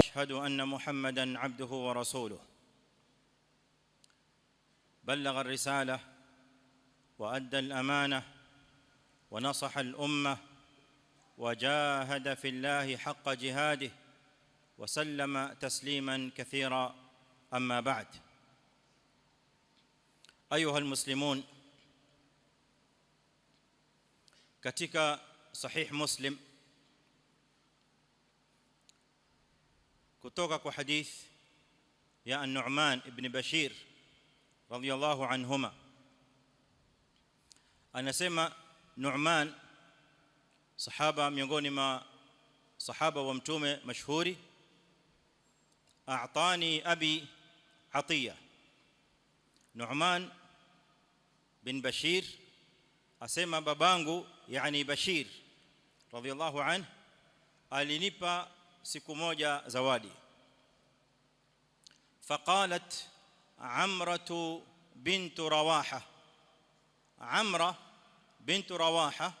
أشهد أن محمدا عبده ورسوله بلغ الرسالة وأدى الأمانة ونصح الأمة وجاهد في الله حق جهاده وسلم تسليما كثيرا أما بعد أيها المسلمون katika sahih muslim kutoka kwa hadith ya an-Nu'man ibn Bashir radiyallahu anhuma anasema Nu'man sahaba miongoni mwa sahaba wa mtume mashuhuri a'tani abi atiya Nu'man bin Bashir asema babangu yani Bashir radhiallahu anhu alinipa siku moja zawadi faqalat amratu bint rawaha amra bint rawaha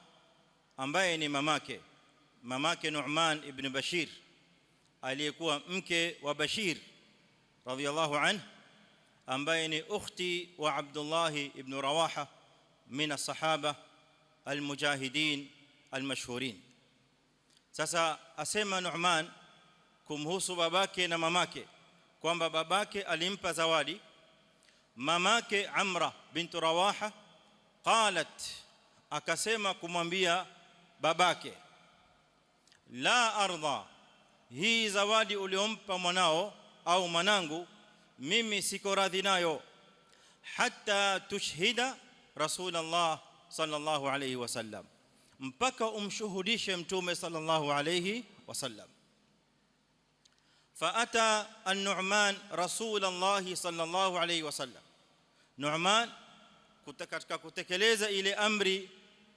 ambaye ni mamake mamake Nu'man ibn Bashir aliyekuwa mke wa Bashir radhiallahu anhu ambaye ni ukhti wa Abdullah ibn Rawaha min as-sahaba almujahidin almashhurin sasa asema Nu'man kumhusu babake na mamake kwamba babake alimpa zawadi mamake Amra bint Rawaha qalat akasema kumwambia babake la arda hii zawadi uliompa mwanao au mwanangu mimi siko radhi nayo hatta tushhida rasulullah sallallahu alayhi wasallam mpaka umshuhudishe mtume sallallahu alayhi wasallam فاتى النعمان رسول الله صلى الله عليه وسلم نعمان katika kutekeleza ile amri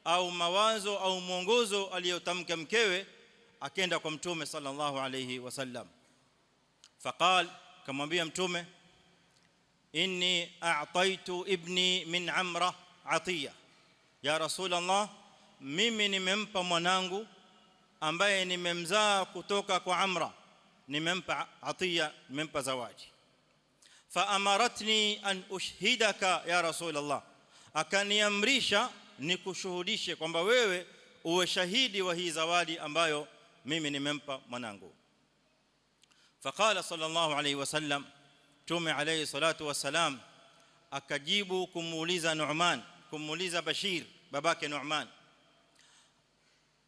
au mawazo au mwongozo aliyotamka mkewe akaenda kwa mtume sallallahu alayhi wasallam faqal kamwambia mtume inni a'taitu ibni min amra atiya ya Rasulullah, mimi nimempa mwanangu ambaye nimemzaa kutoka kwa Amra, nimempa atiya, nimempa zawadi. Fa amaratni an ushhidaka ya Rasulullah, akaniamrisha nikushuhudishe kwamba wewe uwe shahidi wa hii zawadi ambayo mimi nimempa mwanangu. Faqala sallallahu alayhi wasallam, Mtume alayhi salatu wasalam akajibu kumuuliza Nu'man, kumuuliza Bashir babake Nu'man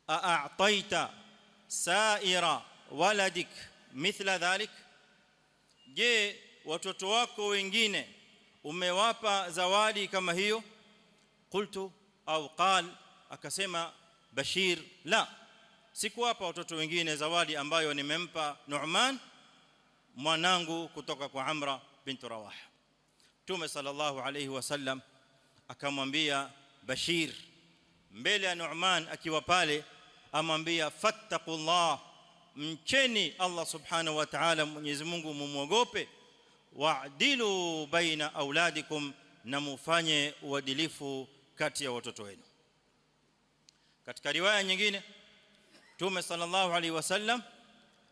a'taita sa'ira waladik mithla dhalik je watoto wako wengine umewapa zawadi kama hiyo qultu au qal akasema bashir la sikuwapa watoto wengine zawadi ambayo nimempa Nu'man mwanangu kutoka kwa Amra bint Rawaha Mtume sallallahu alayhi wasallam akamwambia Bashir mbele ya Nu'man akiwa pale amwambia fattaqullah mcheni Allah subhanahu wa ta'ala Mwenyezi Mungu mumwogope wa'dilu baina auladikum na mufanye uadilifu kati ya watoto wenu katika riwaya nyingine Mtume sallallahu alaihi wasallam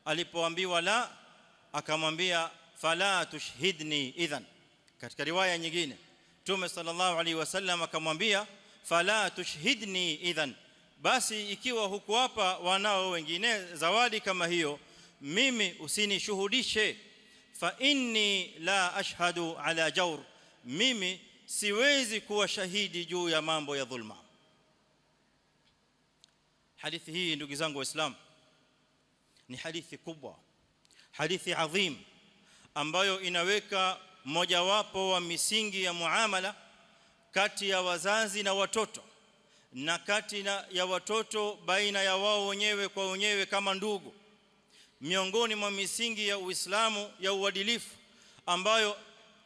alipoambiwa la akamwambia fala tushhidni idhan katika riwaya nyingine Mtume sallallahu alaihi wasallam akamwambia fala tushhidni idhan, basi ikiwa hukuwapa wanao wengine zawadi kama hiyo, mimi usinishuhudishe. Fa inni la ashhadu ala jawr, mimi siwezi kuwa shahidi juu ya mambo ya dhulma. Hadithi hii ndugu zangu waislam ni hadithi kubwa, hadithi adhim ambayo inaweka mojawapo wa misingi ya muamala kati ya wazazi na watoto na kati na ya watoto baina ya wao wenyewe kwa wenyewe kama ndugu miongoni mwa misingi ya Uislamu ya uadilifu ambayo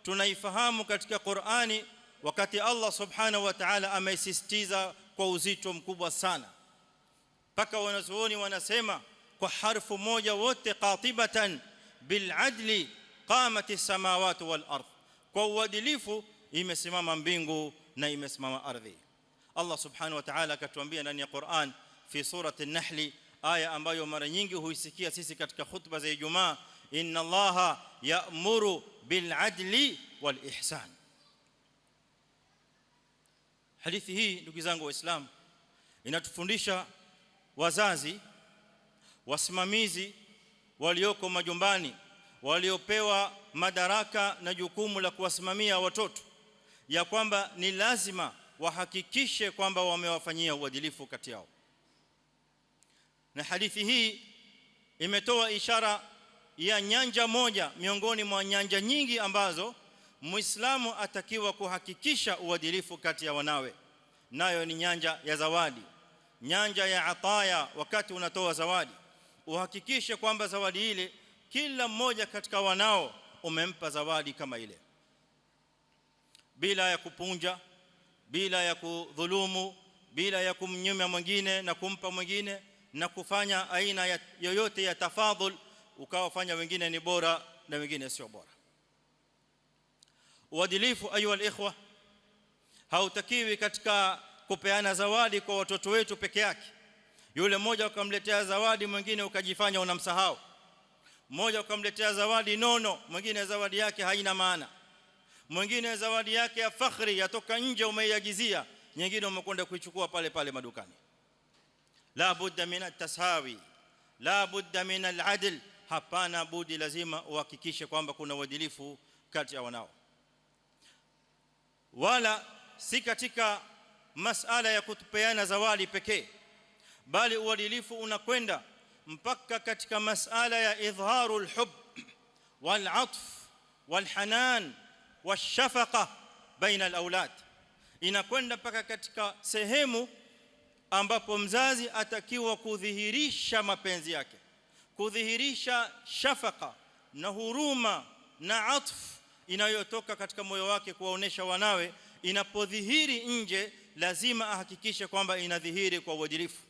tunaifahamu katika Qur'ani wakati Allah subhanahu wa ta'ala ameisisitiza kwa uzito mkubwa sana paka wanazuoni wanasema kwa harfu moja wote qatibatan bil adli qamat samawati wal ardh kwa uadilifu imesimama mbingu na imesimama ardhi Allah subhanahu wa ta'ala akatuambia ndani ya Qur'an fi surati an-Nahl aya ambayo mara nyingi huisikia sisi katika khutba za Ijumaa inna Allah ya'muru bil adli wal ihsan hadithi hii ndugu zangu Islam inatufundisha wazazi wasimamizi walioko majumbani waliopewa madaraka na jukumu la kuwasimamia watoto ya kwamba ni lazima wahakikishe kwamba wamewafanyia uadilifu kati yao na hadithi hii imetoa ishara ya nyanja moja miongoni mwa nyanja nyingi ambazo muislamu atakiwa kuhakikisha uadilifu kati ya wanawe nayo ni nyanja ya zawadi nyanja ya ataya wakati unatoa zawadi uhakikishe kwamba zawadi ile kila mmoja katika wanao umempa zawadi kama ile bila ya kupunja bila ya kudhulumu bila ya kumnyima mwingine na kumpa mwingine na kufanya aina ya yoyote ya tafadhul ukawafanya wengine ni bora na wengine sio bora uadilifu ayu alikhwa hautakiwi katika kupeana zawadi kwa watoto wetu peke yake yule mmoja ukamletea zawadi mwingine ukajifanya unamsahau mmoja ukamletea zawadi nono mwingine zawadi yake haina maana mwingine zawadi yake ya fakhri yatoka nje umeiagizia nyingine umekwenda kuichukua pale pale madukani la budda min at la budda min al-adl hapana budi lazima uhakikishe kwamba kuna uadilifu kati ya wanao wala si katika masala ya kutupeana zawadi pekee bali uadilifu unakwenda mpaka katika masala ya idharul hub wal atf wal hanan washafaqa baina alawlad, inakwenda mpaka katika sehemu ambapo mzazi atakiwa kudhihirisha mapenzi yake, kudhihirisha shafaka na huruma na atfu inayotoka katika moyo wake kuwaonesha wanawe. Inapodhihiri nje, lazima ahakikishe kwamba inadhihiri kwa uadilifu.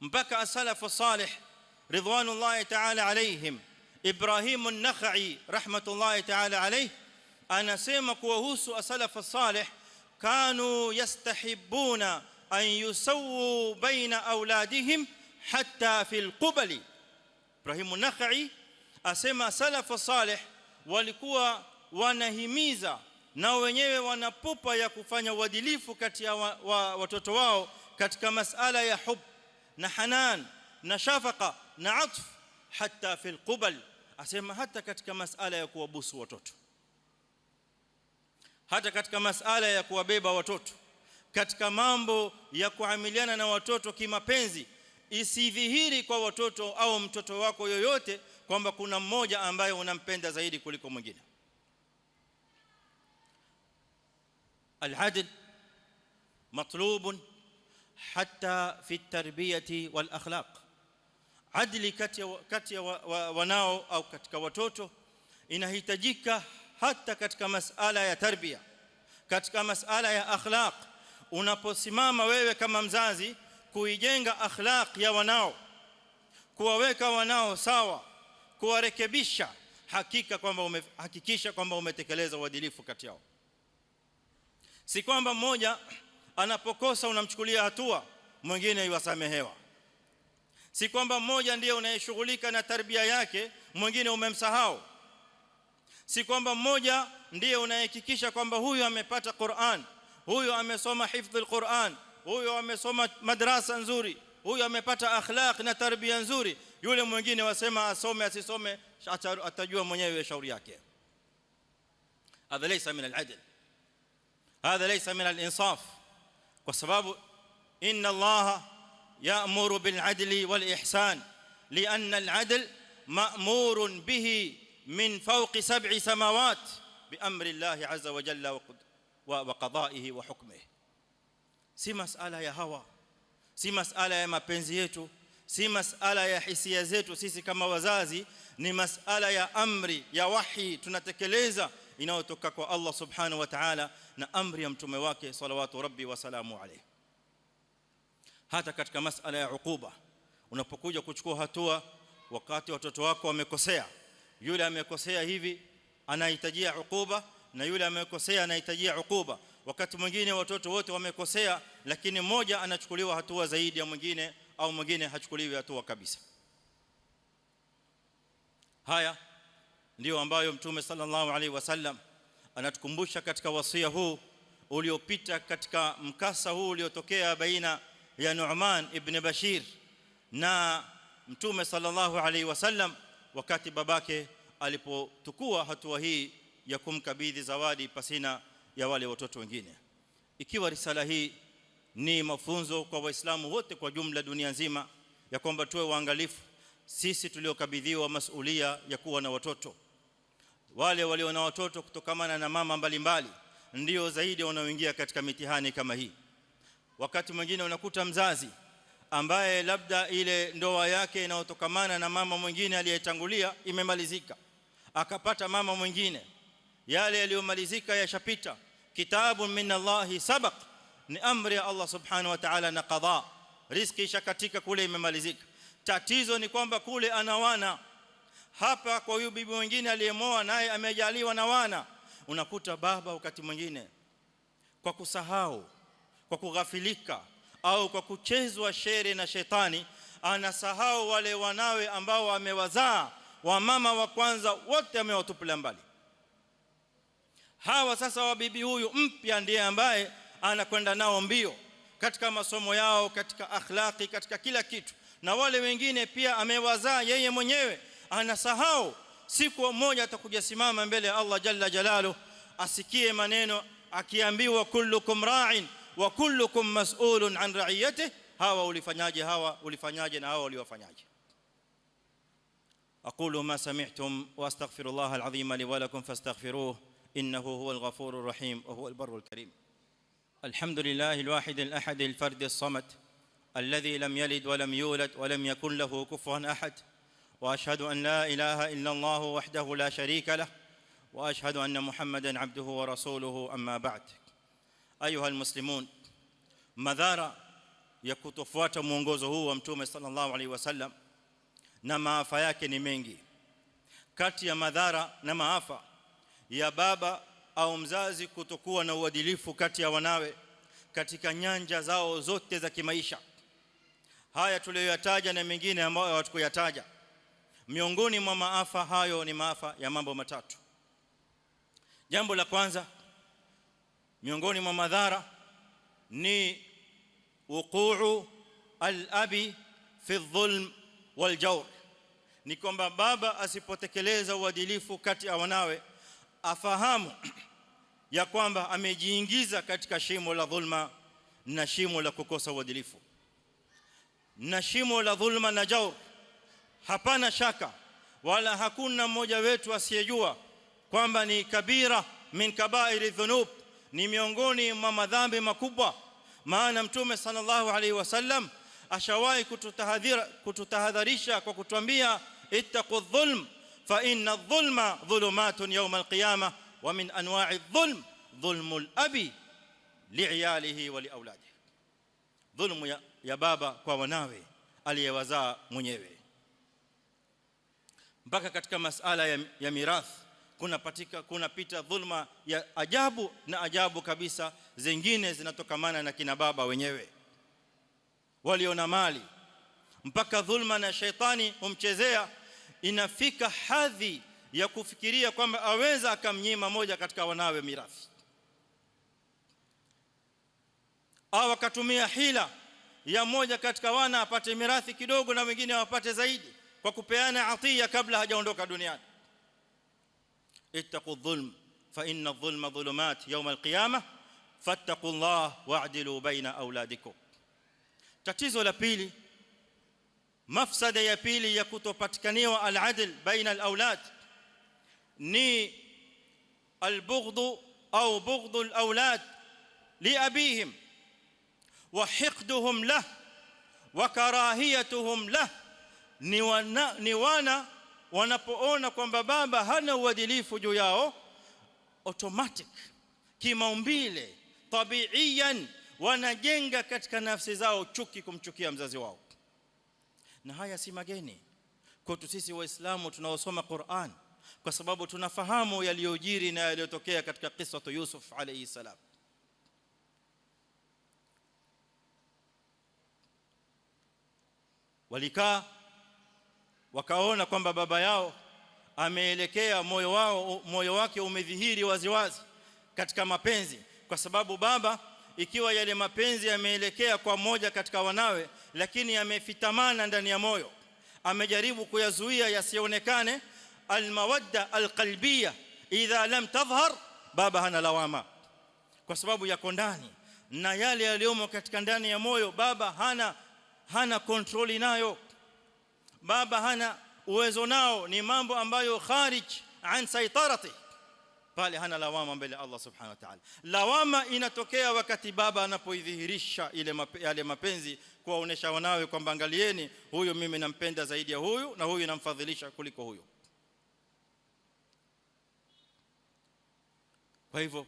Mpaka asalafu salih ridwanullahi ta'ala alayhim ibrahim Ibrahimu Nakhai rahmatullahi ta'ala alayhi anasema kuwahusu asalafu salih kanu yastahibuna an yusawu baina auladihim hatta fil qubali. Ibrahimu Nakhai asema salafu salih walikuwa wanahimiza na wenyewe wanapupa ya kufanya uadilifu kati ya wa, wa, watoto wao katika masala ya hub na hanan na shafaka na atf hatta fil qubal asema hata katika masala ya kuwabusu watoto hata katika masala ya kuwabeba watoto katika mambo ya kuamiliana na watoto kimapenzi isidhihiri kwa watoto au mtoto wako yoyote kwamba kuna mmoja ambaye unampenda zaidi kuliko mwingine العدل مطلوب حتى في التربيه والاخلاق adli kati ya, kati ya wanao au katika watoto inahitajika hata katika masala ya tarbia, katika masala ya akhlaq. Unaposimama wewe kama mzazi kuijenga akhlaq ya wanao, kuwaweka wanao sawa, kuwarekebisha, hakika kwamba umehakikisha kwamba umetekeleza uadilifu kati yao, si kwamba mmoja anapokosa unamchukulia hatua mwingine iwasamehewa si kwamba mmoja ndiye unayeshughulika na tarbia yake mwingine umemsahau si kwamba mmoja ndiye unayehakikisha kwamba huyu amepata Qur'an huyu amesoma hifdhul Qur'an huyu amesoma madrasa nzuri huyu amepata akhlaq na tarbia nzuri yule mwingine wasema asome asisome atajua mwenyewe shauri yake هذا ليس من العدل هذا ليس من الانصاف وسبب ان الله يأمر بالعدل والإحسان لأن العدل مأمور به من فوق سبع سماوات بأمر الله عز وجل وقضائه وحكمه si masala ya hawa si masala ya mapenzi yetu si masala ya hisia zetu sisi kama wazazi ni masala ya amri ya wahi tunatekeleza inayotoka kwa Allah subhanahu wa ta'ala na amri ya mtume wake salawatu rabbi wa salamu alayhi hata katika masala ya ukuba unapokuja kuchukua hatua wakati watoto wako wamekosea yule amekosea hivi anahitajia ukuba na yule amekosea anahitajia ukuba wakati mwingine watoto wote wamekosea lakini mmoja anachukuliwa hatua zaidi ya mwingine au mwingine hachukuliwi hatua kabisa haya ndio ambayo mtume sallallahu alaihi wasallam anatukumbusha katika wasia huu uliopita katika mkasa huu uliotokea baina ya Nu'man ibn Bashir na Mtume sallallahu alaihi wasallam wakati babake alipotukua hatua hii ya kumkabidhi zawadi pasina ya wale watoto wengine. Ikiwa risala hii ni mafunzo kwa Waislamu wote kwa jumla dunia nzima, ya kwamba tuwe waangalifu sisi tuliokabidhiwa masulia ya kuwa na watoto. Wale walio na watoto kutokamana na mama mbalimbali ndio zaidi wanaoingia katika mitihani kama hii. Wakati mwingine unakuta mzazi ambaye labda ile ndoa yake inayotokamana na mama mwingine aliyetangulia imemalizika, akapata mama mwingine, yale yaliyomalizika yashapita. Kitabu minallahi sabaq, ni amri ya Allah subhanahu wa ta'ala na qadha. Riski ishakatika kule, imemalizika. Tatizo ni kwamba kule ana wana hapa, kwa huyu bibi mwingine aliyemoa, naye amejaliwa na wana. Unakuta baba wakati mwingine kwa kusahau kwa kughafilika au kwa kuchezwa shere na shetani, anasahau wale wanawe ambao amewazaa wamama wa kwanza wote amewatupulia mbali. Hawa sasa wabibi huyu mpya ndiye ambaye anakwenda nao mbio katika masomo yao, katika akhlaqi, katika kila kitu, na wale wengine pia amewazaa yeye mwenyewe. Anasahau siku moja atakuja simama mbele ya Allah jalla jalalu, asikie maneno akiambiwa kullukum ra'in وكلكم مسؤول عن رعيته هاوا hawa هاوا hawa ulifanyaje na اقول ما سمعتم واستغفر الله العظيم لي ولكم فاستغفروه انه هو الغفور الرحيم وهو البر الكريم الحمد لله الواحد الاحد الفرد الصمد الذي لم يلد ولم يولد ولم يكن له كفوا احد واشهد ان لا اله الا الله وحده لا شريك له واشهد ان محمدا عبده ورسوله اما بعد ayuha almuslimun madhara ya kutofuata mwongozo huu wa mtume sallallahu alaihi wasallam na maafa yake ni mengi kati ya madhara na maafa ya baba au mzazi kutokuwa na uadilifu kati ya wanawe katika nyanja zao zote za kimaisha haya tuliyoyataja na mengine ambayo hatukuyataja miongoni mwa maafa hayo ni maafa ya mambo matatu jambo la kwanza miongoni mwa madhara ni wuquu alabi fi dhulm wal ni kwamba baba asipotekeleza uadilifu kati ya wanawe afahamu ya kwamba amejiingiza katika shimo la dhulma na shimo la kukosa uadilifu na shimo la dhulma na jawr hapana shaka wala hakuna mmoja wetu asiyejua kwamba ni kabira min kabairi dhunub ni miongoni mwa madhambi makubwa maana mtume sallallahu alaihi wasallam ashawahi kututahadhira kututahadharisha kwa kutuambia ittaqu dhulm fa inna dhulma dhulumatun yawm alqiyama wa min anwa'i dhulm dhulmul abi li'iyalihi wa liauladihi dhulmu ya, ya baba kwa wanawe aliyewazaa mwenyewe mpaka katika masala ya, ya mirathi kunapatika kunapita dhulma ya ajabu na ajabu kabisa, zingine zinatokamana na kina baba wenyewe waliona mali, mpaka dhulma na sheitani humchezea. Inafika hadhi ya kufikiria kwamba aweza akamnyima moja katika wanawe mirathi, au akatumia hila ya moja katika wana apate mirathi kidogo na wengine wapate zaidi, kwa kupeana atia kabla hajaondoka duniani. اتقوا الظلم فان الظلم ظلمات يوم القيامه فاتقوا الله واعدلوا بين اولادكم تاتيزو لا مفسد مفسده يا بيلي يا كتوطقنيو العدل بين الاولاد ني البغض او بغض الاولاد لابيهم وحقدهم له وكراهيتهم له نوانا wanapoona kwamba baba hana uadilifu juu yao, automatic kimaumbile tabiiyan wanajenga katika nafsi zao chuki kumchukia mzazi wao. Na haya si mageni kwetu sisi Waislamu tunaosoma Qur'an, kwa sababu tunafahamu yaliyojiri na yaliyotokea katika kisa ya Yusuf alayhi salam. Walikaa wakaona kwamba baba yao ameelekea moyo wao moyo wake umedhihiri waziwazi katika mapenzi kwa sababu baba ikiwa yale mapenzi yameelekea kwa moja katika wanawe lakini yamefitamana ndani ya moyo amejaribu kuyazuia yasionekane almawadda alqalbia idha lam tadhhar baba hana lawama kwa sababu yako ndani na yale yaliyomo katika ndani ya moyo baba hana hana kontroli nayo baba hana uwezo nao ni mambo ambayo kharij an saitarati pale hana lawama mbele Allah subhanahu wa ta'ala lawama inatokea wakati baba anapoidhihirisha ile yale mapenzi kuwaonesha wanawe kwamba angalieni huyu mimi nampenda zaidi ya huyu na huyu namfadhilisha kuliko huyu kwa hivyo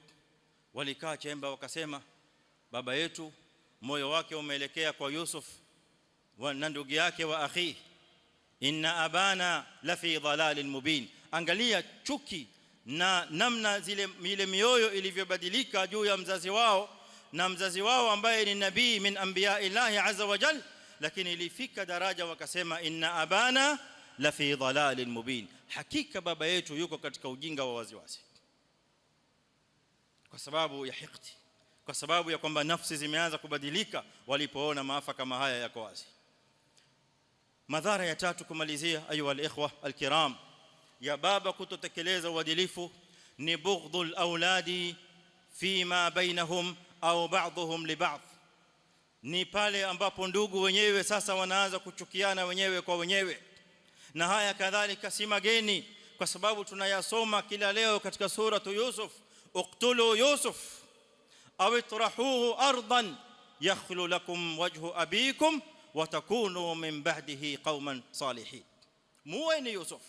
walikaa chemba wakasema baba yetu moyo wake umeelekea kwa Yusuf na ndugu yake wa akhi inna abana la fi dhalalin mubin angalia chuki na namna zile ile mioyo ilivyobadilika juu ya mzazi wao na mzazi wao ambaye ni nabii min anbiya ilahi azza wa jalla lakini ilifika daraja wakasema inna abana la fi dhalalin mubin hakika baba yetu yuko katika ujinga wa waziwazi kwa sababu ya hiqti kwa sababu ya kwamba nafsi zimeanza kubadilika walipoona maafa kama haya yako wazi madhara ya tatu kumalizia ayu alikhwa alkiram ya baba kutotekeleza uadilifu ni bughdhul auladi fima bainahum au ba'dhum li ba'd ni pale ambapo ndugu wenyewe sasa wanaanza kuchukiana wenyewe kwa wenyewe na haya kadhalika si mageni kwa sababu tunayasoma kila leo katika sura Yusuf uktulu Yusuf aw itrahuhu ardan yakhlu lakum wajhu abikum watakunu min ba'dihi qauman salihin muweni yusuf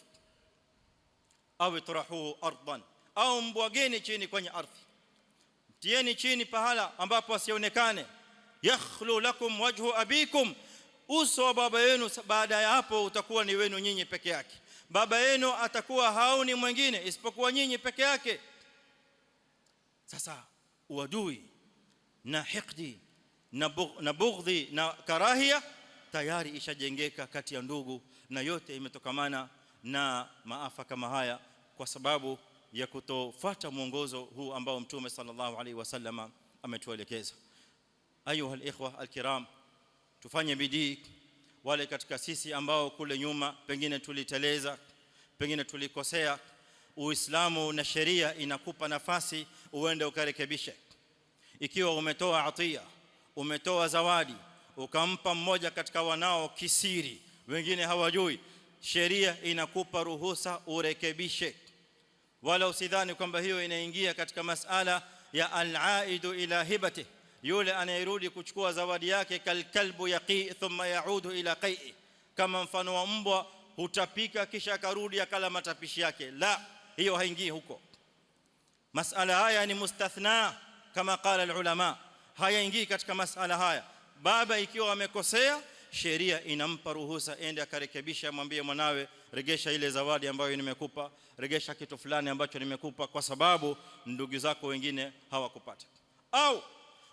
au turahu ardan au mbwageni chini kwenye ardhi tieni chini pahala ambapo asionekane yakhlu lakum wajhu abikum uso wa baba yenu baada ya hapo utakuwa ni wenu nyinyi peke yake baba yenu atakuwa haoni mwingine isipokuwa nyinyi peke yake sasa uadui na hiqdi na bughdhi na karahia tayari ishajengeka kati ya ndugu, na yote imetokamana na maafa kama haya kwa sababu ya kutofuata mwongozo huu ambao Mtume sallallahu alaihi wasallam ametuelekeza. Ayuha alikhwa alkiram, tufanye bidii. Wale katika sisi ambao kule nyuma pengine tuliteleza, pengine tulikosea, Uislamu na sheria inakupa nafasi uende ukarekebishe. Ikiwa umetoa atia, umetoa zawadi ukampa mmoja katika wanao kisiri, wengine hawajui, sheria inakupa ruhusa urekebishe, wala usidhani kwamba hiyo inaingia katika masala ya alaidu ila hibati, yule anayerudi kuchukua zawadi yake, kalkalbu yaqi thumma yaudu ila qai, kama mfano wa mbwa hutapika kisha akarudi akala matapishi yake. La, hiyo haingii huko. Masala haya ni mustathna, kama qala alulama, hayaingii katika masala haya. Baba ikiwa amekosea, sheria inampa ruhusa, ende akarekebisha, amwambie mwanawe, regesha ile zawadi ambayo nimekupa, regesha kitu fulani ambacho nimekupa, kwa sababu ndugu zako wengine hawakupata, au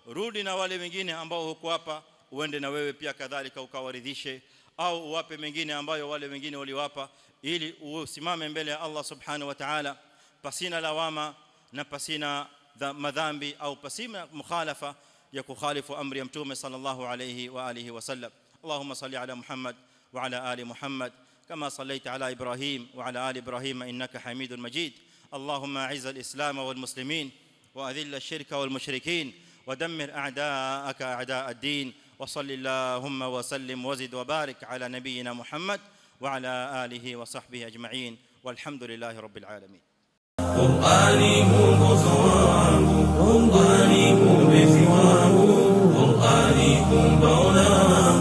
rudi na wale wengine ambao hukuwapa, uende na wewe pia kadhalika ukawaridhishe, au uwape mengine ambayo wale wengine waliwapa, ili usimame mbele ya Allah subhanahu wa ta'ala pasina lawama na pasina madhambi au pasina mukhalafa ya kukhalifu amri ya mtume sallallahu alayhi wa alihi wasallam allahumma salli ala muhammad wa ala ali muhammad kama sallaita ala ibrahim wa ala ali ibrahim innaka hamidun majid اللهم اعز الاسلام والمسلمين واذل الشرك والمشركين ودمر اعداءك اعداء الدين وصل اللهم وسلم وزد وبارك على نبينا محمد وعلى اله وصحبه اجمعين والحمد لله رب العالمين قراني هو wangu Qur'ani oh, kumbaona